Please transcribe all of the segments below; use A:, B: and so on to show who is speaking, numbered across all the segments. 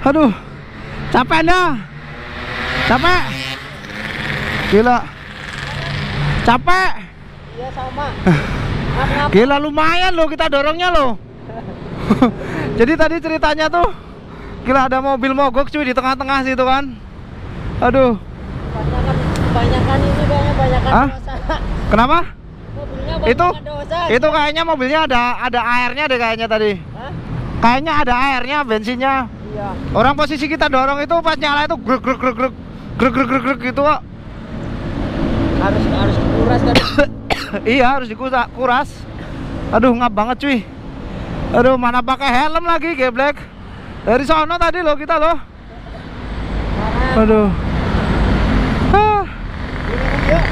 A: aduh capek dah capek gila capek iya sama eh. gila lumayan loh kita dorongnya loh jadi tadi ceritanya tuh gila ada mobil mogok cuy di tengah-tengah situ kan aduh kebanyakan ini kayaknya banyak dosa kenapa? mobilnya itu dosa itu kayaknya mobilnya ada ada airnya deh kayaknya tadi Hah? kayaknya ada airnya bensinnya Iya. Orang posisi kita dorong itu pas nyala itu grek grek grek grek grek grek grek grek gitu kok. Harus harus dikuras kan. iya, harus dikuras. Kuras. Aduh, ngap banget cuy. Aduh, mana pakai helm lagi, geblek. Dari sono tadi loh kita loh. Aduh. Ah. Hah? Yuk.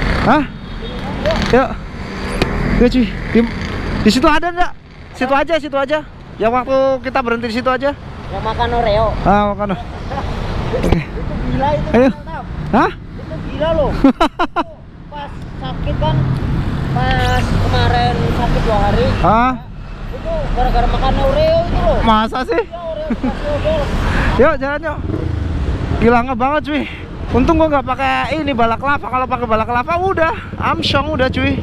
A: Yuk ya. ya, cuy. Di, di situ ada enggak? Situ aja, situ aja. Yang waktu kita berhenti di situ aja. Yang makan Oreo. Ah, makan. Okay. itu gila itu. Ayo. Hah? Itu gila loh. pas sakit kan pas kemarin sakit dua hari. hah itu gara-gara makan Oreo itu loh. Masa sih? Iya, Oreo yuk jalan yuk. Gilangnya banget cuy. Untung gua nggak pakai ini balak lava. Kalau pakai balak lava udah amsong udah cuy.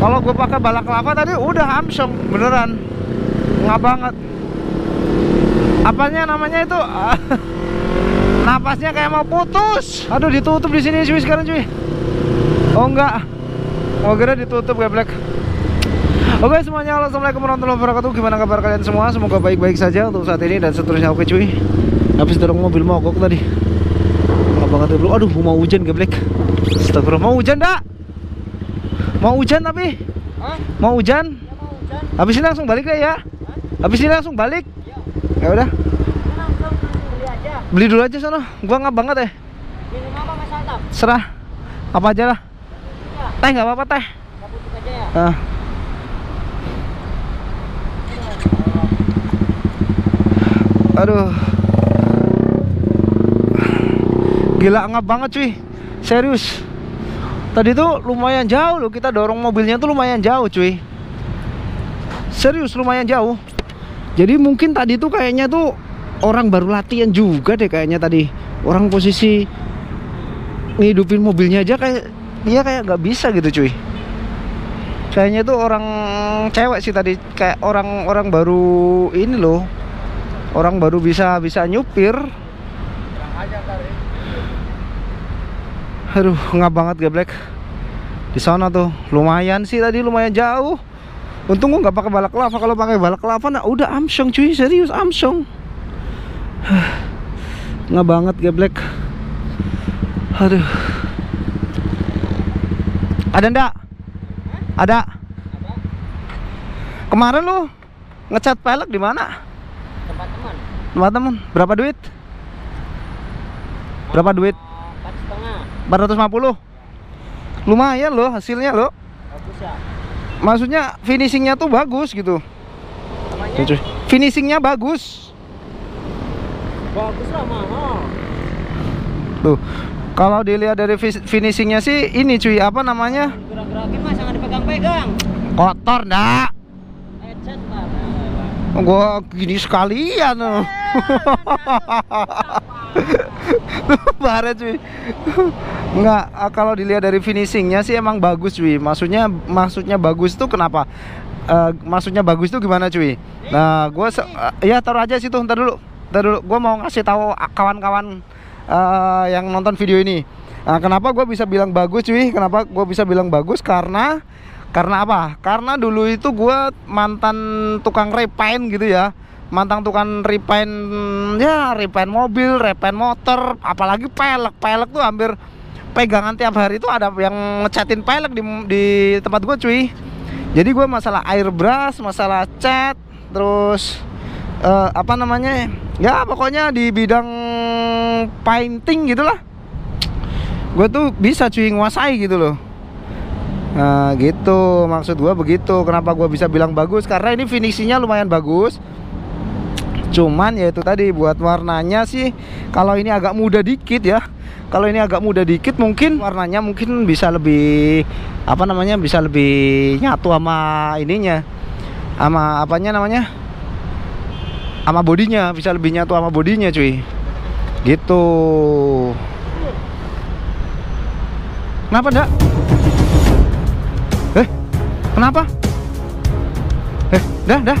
A: Kalau gue pakai balak lava tadi udah amsong beneran. Nggak banget apanya namanya itu napasnya kayak mau putus aduh ditutup di sini cuy sekarang cuy oh enggak oh kira ditutup black Oke okay, semuanya Assalamualaikum warahmatullahi wabarakatuh Gimana kabar kalian semua Semoga baik-baik saja untuk saat ini dan seterusnya Oke cuy Habis dorong mobil mogok tadi apa banget dulu Aduh mau hujan gak black Astagfirullah Mau hujan dak? Mau hujan tapi? Hah? Mau hujan? Ya, mau hujan Habis ini langsung balik ya ya Habis ini langsung balik ya udah beli dulu aja sana. gua ngap banget ya serah apa aja lah iya. teh nggak apa-apa teh
B: aja ya? ah.
A: aduh gila ngap banget cuy serius tadi tuh lumayan jauh loh kita dorong mobilnya tuh lumayan jauh cuy serius lumayan jauh jadi mungkin tadi tuh kayaknya tuh orang baru latihan juga deh kayaknya tadi. Orang posisi ngidupin mobilnya aja kayak dia kayak nggak bisa gitu cuy. Kayaknya tuh orang cewek sih tadi kayak orang-orang baru ini loh. Orang baru bisa bisa nyupir. Aduh, nggak banget geblek. Di sana tuh lumayan sih tadi lumayan jauh. Untung gue nggak pakai lava. Kalau pakai balaklava, nah udah amsong cuy, serius amsong. nggak banget geblek. Aduh. Ada ndak? Ada. Apa? Kemarin lu ngecat pelek di mana? Tempat teman. Tempat teman. Berapa duit? Berapa duit? Empat setengah. Empat ratus lima puluh. Lumayan loh hasilnya loh. Bagus ya maksudnya finishingnya tuh bagus gitu Namanya? finishingnya bagus bagus lah mahal tuh kalau dilihat dari finishingnya sih ini cuy apa namanya gerak-gerakin mas jangan dipegang-pegang kotor dah. ecet nah, nah. gua gini sekalian loh bare cuy Enggak, ah, kalau dilihat dari finishingnya sih emang bagus cuy. Maksudnya maksudnya bagus tuh kenapa? Uh, maksudnya bagus tuh gimana cuy? Nah, gue uh, eh, ya taruh aja situ ntar dulu. Ntar dulu, gue mau ngasih tahu kawan-kawan uh, yang nonton video ini. Nah, kenapa gue bisa bilang bagus cuy? Kenapa gue bisa bilang bagus? Karena karena apa? Karena dulu itu gue mantan tukang repaint gitu ya mantan tukang repaint ya repaint mobil, repaint motor, apalagi pelek. Pelek tuh hampir pegangan tiap hari itu ada yang ngecatin pelek di, di tempat gue cuy jadi gue masalah air brush masalah cat terus uh, apa namanya ya pokoknya di bidang painting gitulah gue tuh bisa cuy nguasai gitu loh nah gitu maksud gue begitu kenapa gue bisa bilang bagus karena ini finishingnya lumayan bagus cuman ya itu tadi buat warnanya sih kalau ini agak muda dikit ya kalau ini agak muda dikit mungkin warnanya mungkin bisa lebih apa namanya bisa lebih nyatu sama ininya sama apanya namanya sama bodinya bisa lebih nyatu sama bodinya cuy gitu kenapa ndak eh kenapa eh dah dah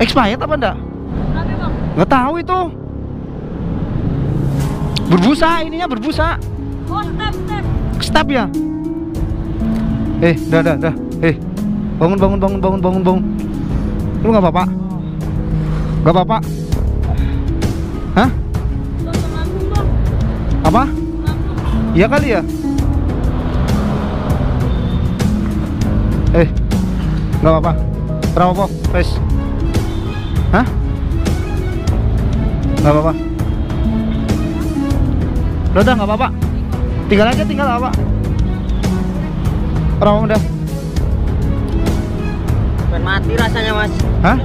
A: expired apa enggak? Enggak tahu itu. Berbusa ininya berbusa. Oh, step, step. ya? Eh, dah dah dah. Eh. Bangun bangun bangun bangun bangun bangun. Lu nggak apa-apa? apa-apa. Hah? Apa? Iya kali ya? Eh. Nggak apa-apa. Bravo, guys. Hah? Gak apa-apa Udah udah gak apa-apa Tinggal aja tinggal apa Orang udah Pengen mati rasanya mas Hah?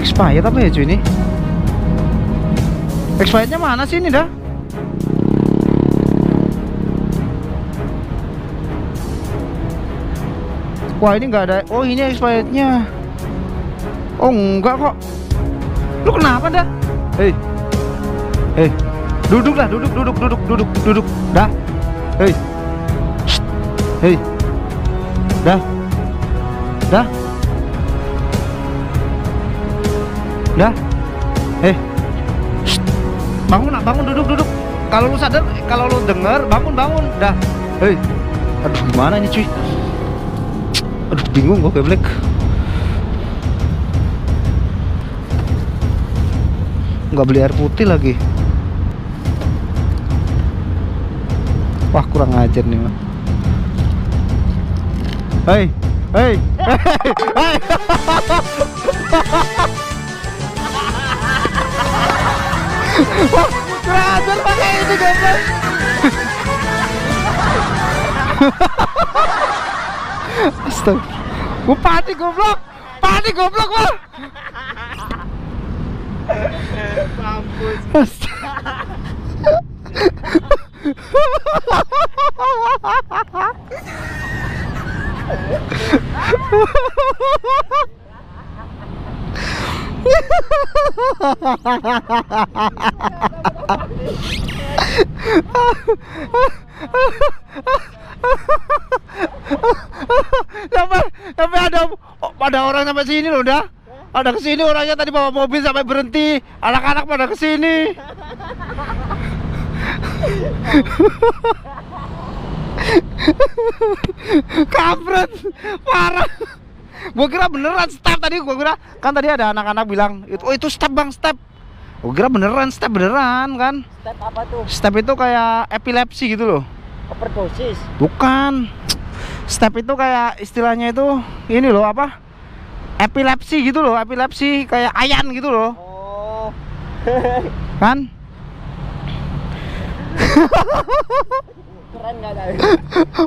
A: Expired apa ya cuy ini? Expirednya mana sih ini dah? Wah ini nggak ada. Oh ini expirednya. Oh enggak kok. Lu kenapa dah? Hei, hei, duduk lah, duduk, duduk, duduk, duduk, duduk, dah. Hei, hei, dah, dah, dah. Hei, bangun lah, bangun, duduk, duduk. Kalau lu sadar, kalau lu dengar, bangun, bangun, dah. Hei, aduh gimana ini cuy? aduh bingung gue keblek black nggak beli air putih lagi wah kurang ajar nih mah hei hei hei wah kurang ajar pakai ini gambar Astaga. gua pati goblok. Pati goblok gua. Mampus. sampai sampai ada oh, ada orang sampai sini loh dah ada kesini orangnya tadi bawa mobil sampai berhenti anak-anak pada kesini kampret parah Gua kira beneran step tadi Gua kira kan tadi ada anak-anak bilang itu oh, itu step bang step Gua kira beneran step beneran kan step apa tuh step itu kayak epilepsi gitu loh overdosis bukan step itu kayak istilahnya itu ini loh apa epilepsi gitu loh epilepsi kayak ayan gitu loh oh. kan keren gak dari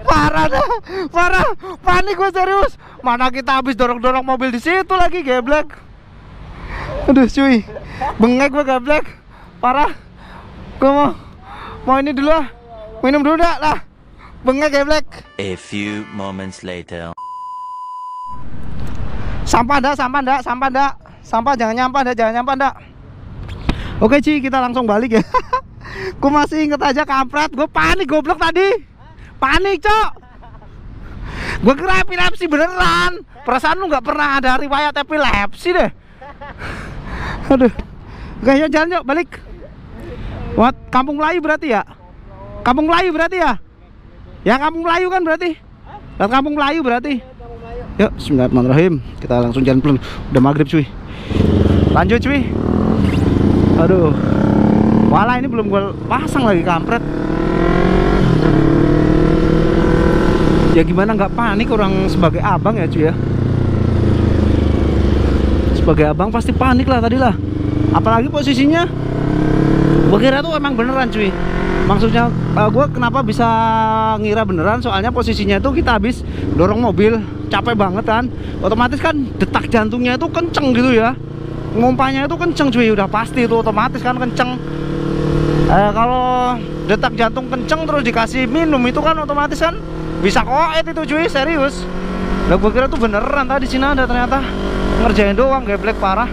A: parah dah parah panik gue serius mana kita habis dorong-dorong mobil di situ lagi geblek aduh cuy bengek gue geblek parah gue mau mau ini dulu ah Minum dulu dah lah. Bengek geblek. Ya, A few moments later. Sampah dah, sampah dah, sampah dah. Sampah jangan nyampah dah, jangan nyampah dah. Oke Ci, kita langsung balik ya. Ku masih inget aja kampret, gue panik goblok tadi. Panik, Cok. Gue kira epilepsi beneran. Perasaan lu gak pernah ada riwayat epilepsi deh. Aduh. kayaknya yuk jalan yuk, balik. What? Kampung Melayu berarti ya? Kampung Melayu berarti ya? Ya Kampung Melayu kan berarti? Lihat Kampung Melayu berarti? Ya, Bismillahirrahmanirrahim. Kita langsung jalan pelan. Udah maghrib cuy. Lanjut cuy. Aduh. Wala ini belum gue pasang lagi kampret. Ya gimana nggak panik orang sebagai abang ya cuy ya. Sebagai abang pasti panik lah tadi lah. Apalagi posisinya. Gue kira tuh emang beneran cuy maksudnya uh, eh, gue kenapa bisa ngira beneran soalnya posisinya itu kita habis dorong mobil capek banget kan otomatis kan detak jantungnya itu kenceng gitu ya ngumpanya itu kenceng cuy udah pasti itu otomatis kan kenceng eh, kalau detak jantung kenceng terus dikasih minum itu kan otomatis kan bisa koet itu cuy serius lah gue kira tuh beneran tadi sini ada ternyata ngerjain doang geblek parah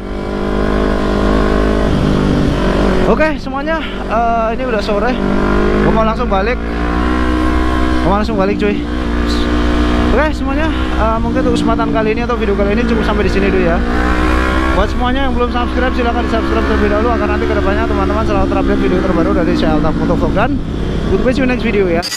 A: Oke okay, semuanya uh, ini udah sore gue mau langsung balik gue mau langsung balik cuy Oke okay, semuanya uh, mungkin untuk kesempatan kali ini atau video kali ini cukup sampai di sini dulu ya buat semuanya yang belum subscribe silahkan di subscribe terlebih dahulu agar nanti kedepannya teman-teman selalu terupdate video terbaru dari saya Alta Foto Vlog dan good bye see you next video ya